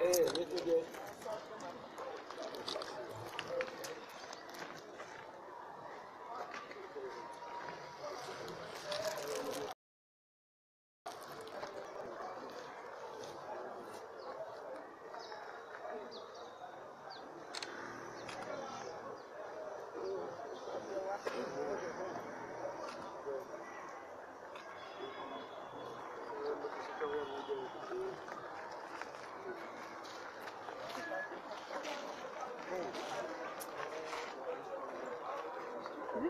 哎，别别别！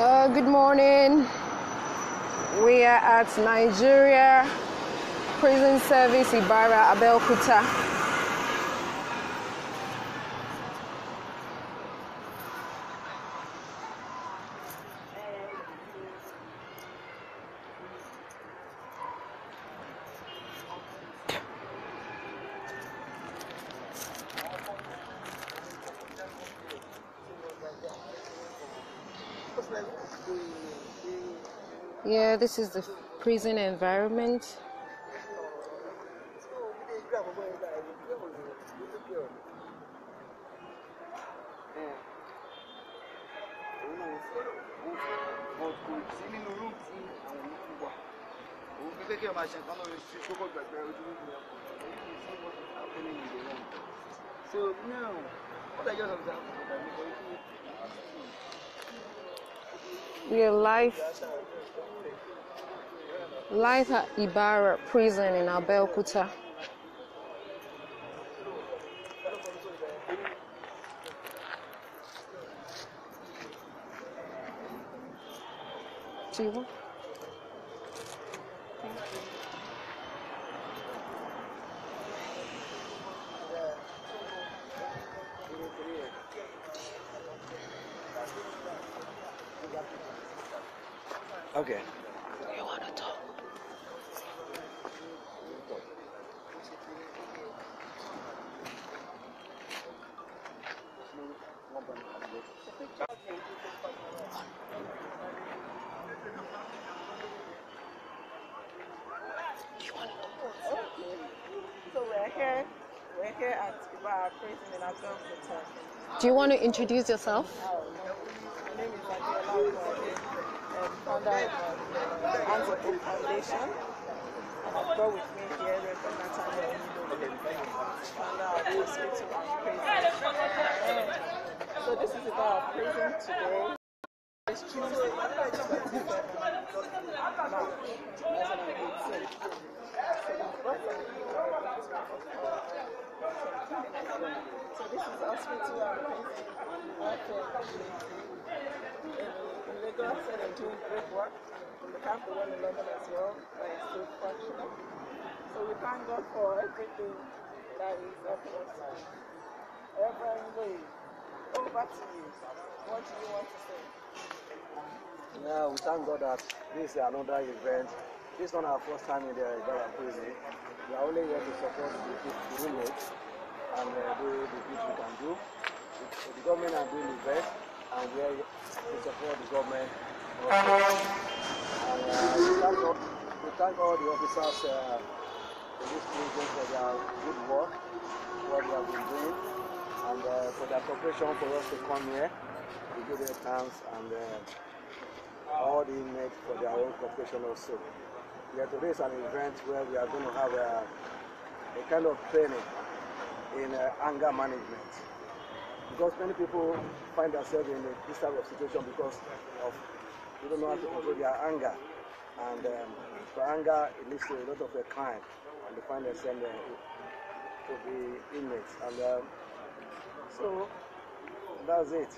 Uh, good morning. We are at Nigeria Prison Service Ibara Abelkuta. Yeah, this is the prison environment. So now, what are your observations? Real life at Ibarra prison in Abelkuta. Okay. we're here. at Prison in Hotel. Do you want to introduce yourself? Oh, my name is founder of the Foundation. And I've with me here Reverend Nathaniel founder of Hospital Prison. Um, so this is prison today. It's Tuesday, That's way too hard. Okay. In Lagos, I'm doing great work. In the camp, the one in London as well, that is so functional. So we thank God for everything that is helping us. Reverend Lee, over to you. What do you want to say? Yeah, we thank God that this is another event. This is not our first time in the Ibara prison. We are only here to support the, the roommates. can uh, do the we can do. the government are doing the best, and we are to support the government. And uh, we, thank all, we thank all the officers uh, in this region for their good work, what they have been doing, and uh, for their cooperation for us to come here. We give their thanks and uh, all the inmates for their own cooperation also. Yeah, today is an event where we are going to have a, a kind of training in uh, anger management. Because many people find themselves in this type of situation because of they don't know how to control their anger. And um, for anger, it leads to a lot of the crime, and they find themselves uh, to be inmates. And um, so that's it.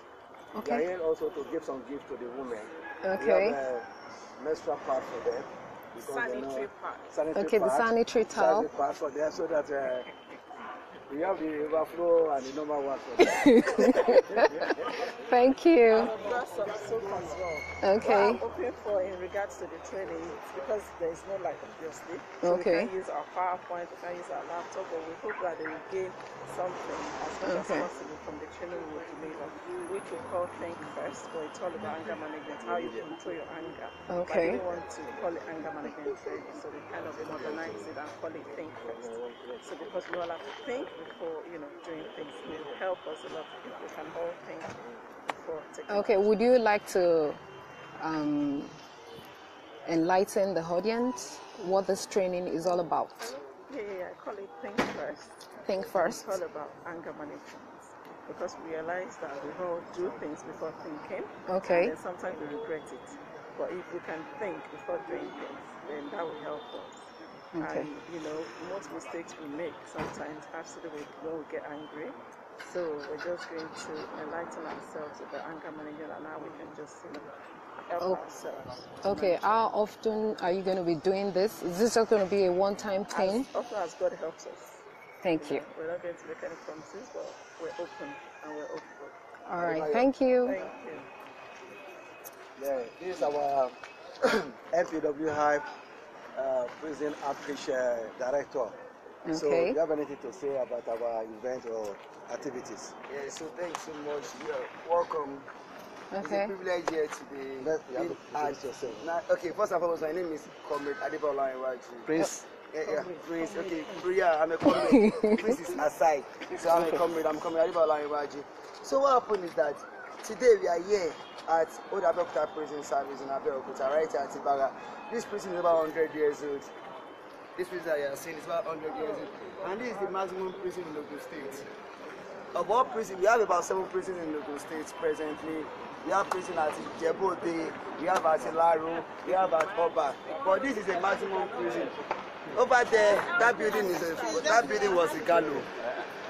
Okay. They are here also to give some gift to the women. Okay. We have, uh, menstrual pad for them. Sanitary pad. Sanitary okay, pad, the sanitary towel. Sanitary pad for them so that. Uh, we have the overflow and the normal one. Thank you. And I've soap as well. Okay. What I'm hoping for in regards to the training is because there is no light, obviously. So okay. We can use our PowerPoint, we can use our laptop, but we hope that they will gain something as much okay. as possible from the training we will deliver, which we call Think First, but it's all about anger management, how you control your anger. Okay. But we want to call it anger management so we kind of modernize it and call it Think First. So because we all have to think before, you know, doing things, it will help us a lot if we can all think before taking Okay, would you like to um, enlighten the audience what this training is all about? Yeah, yeah, yeah. I call it Think First. Think First. It's all about anger management because we realize that we all do things before thinking. Okay. And sometimes we regret it. But if we can think before doing things, then that will help us. Okay. And you know, most mistakes we make sometimes after we when we get angry. So we're just going to enlighten ourselves with the anger management, and now we can just you know, Oh. Okay, how often are you going to be doing this? Is this just going to be a one time thing? As often as God helps us. Thank you. We're not going to make any promises, but we're open and we're open. hopeful. All right. Thank you. Thank you. Yeah, this is our MPW Hive uh, Prison Outreach uh, Director. Okay. So, do you have anything to say about our event or activities? Yeah, so thanks so much. You're welcome. Okay. It's a privilege here to be. Let's, have to yourself. Now, okay, first and foremost, my name is Comrade Adebola Iwaju. Prince. yeah, yeah. okay, Priya, I'm a comrade. Grace is aside. So I'm a comrade, I'm a comrade. Ibalan So what happened is that today we are here at Old Abeokuta Prison Service in Abeokuta, right here at Ibaga. This prison is about 100 years old. This prison that you are seeing is about 100 years old. And this is the maximum prison in Ogun State. Of all prisons, we have about seven prisons in Ogun State presently. We have prison at Ijebode, we have at Ilaro, we have at Oba. But this is a maximum prison. Over there, that building is a, that building was a gallows.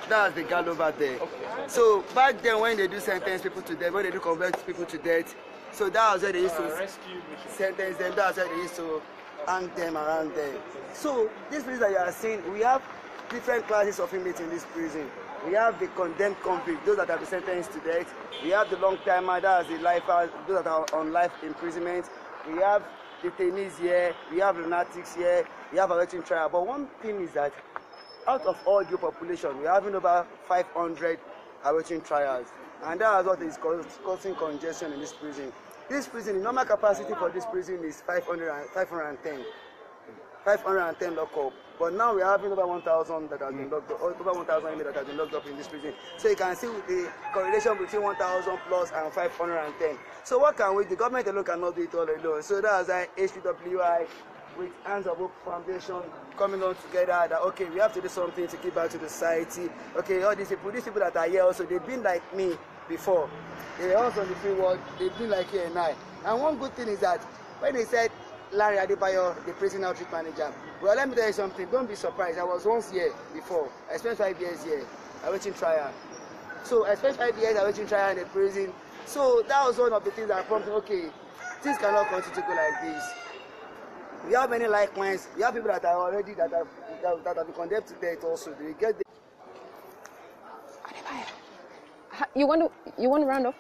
That's the gallows over there. So back then, when they do sentence people to death, when they do convert people to death, so that was where they used to ah, sentence them. That's where they used to hang them around there. So this prison that you are seeing, we have different classes of inmates in this prison. We have the condemned convict, those that have been sentenced to death. We have the long timer, that's the life, those that are on life imprisonment. We have the tennis here, we have lunatics here, we have American trial. But one thing is that out of all the population, we are having over 500 awaiting trials. And that is what is causing congestion in this prison. This prison, the normal capacity for this prison is 500, 510. 510 lock up. But now we're having over 1,000 that has been locked up, oh, over 1,000 inmates that has been locked up in this prison. So you can see the correlation between 1,000 plus and 510. So what can we The Government alone cannot do it all alone. So that's why HPWI with Hands of Hope Foundation coming on together that okay, we have to do something to give back to the society. Okay, all these people, these people that are here also, they've been like me before. They also on the free world, they've been like here and I. And one good thing is that when they said Larry Adebayo, the prison outreach manager. Well, let me tell you something. Don't be surprised. I was once here before. I spent five years here awaiting trial. So I spent five years awaiting trial in the prison. So that was one of the things that prompted, okay, things cannot continue to go like this. We have many like minds. We have people that are already, that have, that, that have been condemned to death also. They get the... You want to, you want to round up?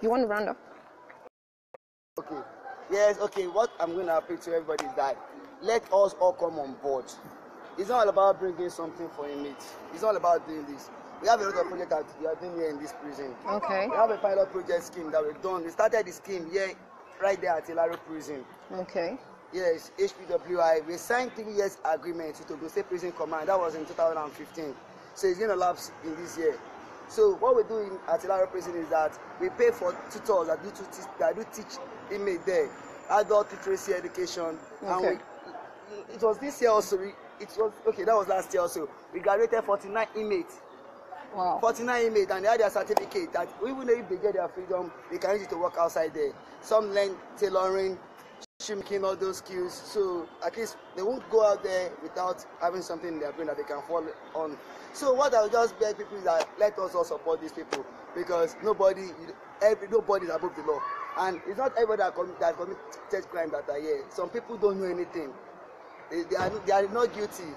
You want to round up? Okay. Yes, okay, what I'm going to appeal to everybody is that let us all come on board. It's not all about bringing something for image. It's all about doing this. We have a lot of projects that we are doing here in this prison. Okay. We have a pilot project scheme that we've done. We started the scheme here, right there at Hilaro Prison. Okay. Yes, HPWI. We signed three years agreement with Togo State Prison Command. That was in 2015. So it's going to lapse in this year. So what we are doing at Atilaro Prison is that we pay for tutors that do, that do teach Inmate there, adult literacy education. Okay. And we, it was this year also. We, it was okay. That was last year also. We graduated 49 inmates. Wow. 49 inmates, and they had their certificate that even if they get their freedom, they can use it to work outside there. Some learn tailoring, making all those skills, so at least they won't go out there without having something in their brain that they can fall on. So what I'll just beg people is that let us all support these people because nobody, every nobody is above the law. And it's not everybody that, commit that committed crime that are here. Some people don't know anything. They, they, are, they are not guilty.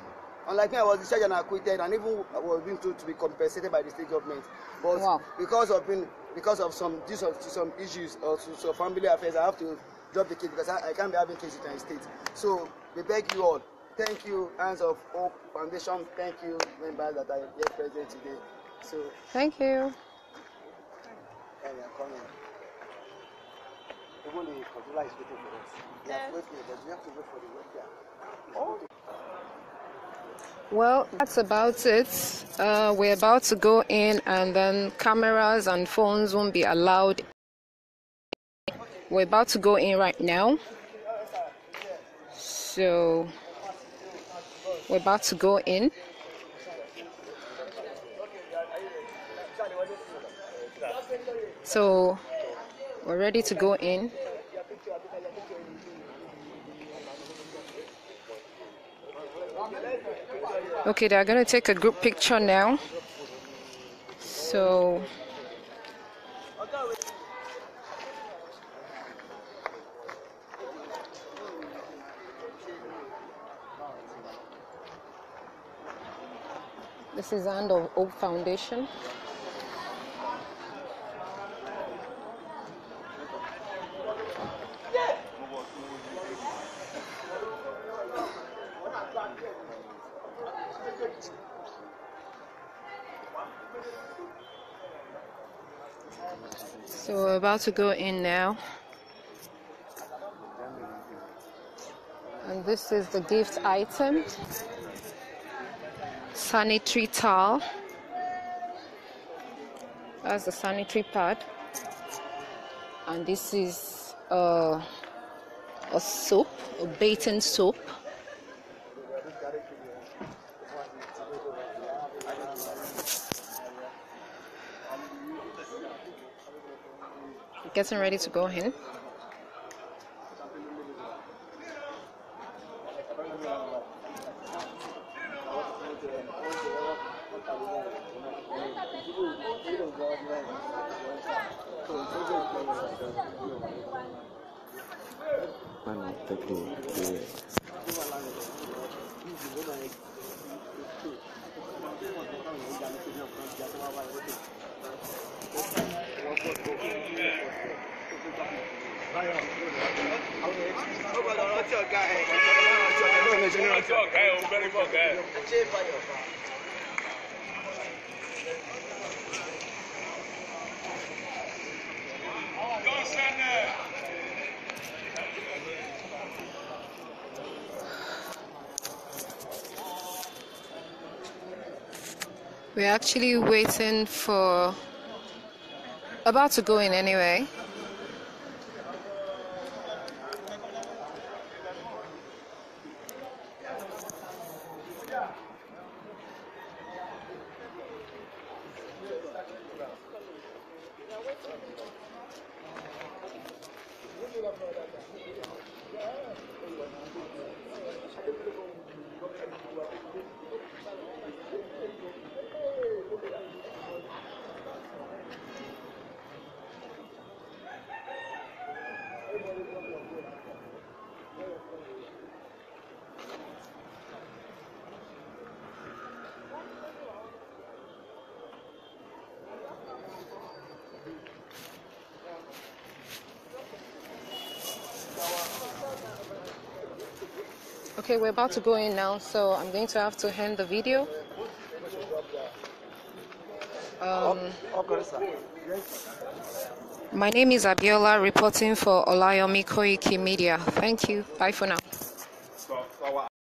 Unlike me, I was discharged and acquitted, and even I was being told to be compensated by the state government. But wow. because of being, because of some due to some issues or to some family affairs, I have to drop the case because I, I can't be having cases in the state. So we beg you all. Thank you, Hands of Hope Foundation. Thank you, members that are here present today. So thank you. And you're coming the is but we have to wait for the oh. Well, that's about it. Uh, we're about to go in, and then cameras and phones won't be allowed. We're about to go in right now. So, we're about to go in. So, we're ready to go in. Okay, they're going to take a group picture now. So... This is the end of Hope Foundation. So we're about to go in now. And this is the gift item sanitary towel. That's the sanitary pad. And this is uh, a soap, a bathing soap. getting ready to go in. Thank you. We're actually waiting for about to go in anyway. Okay, we're about to go in now, so I'm going to have to end the video. Um, my name is Abiola, reporting for Olayomi Koiki Media. Thank you. Bye for now.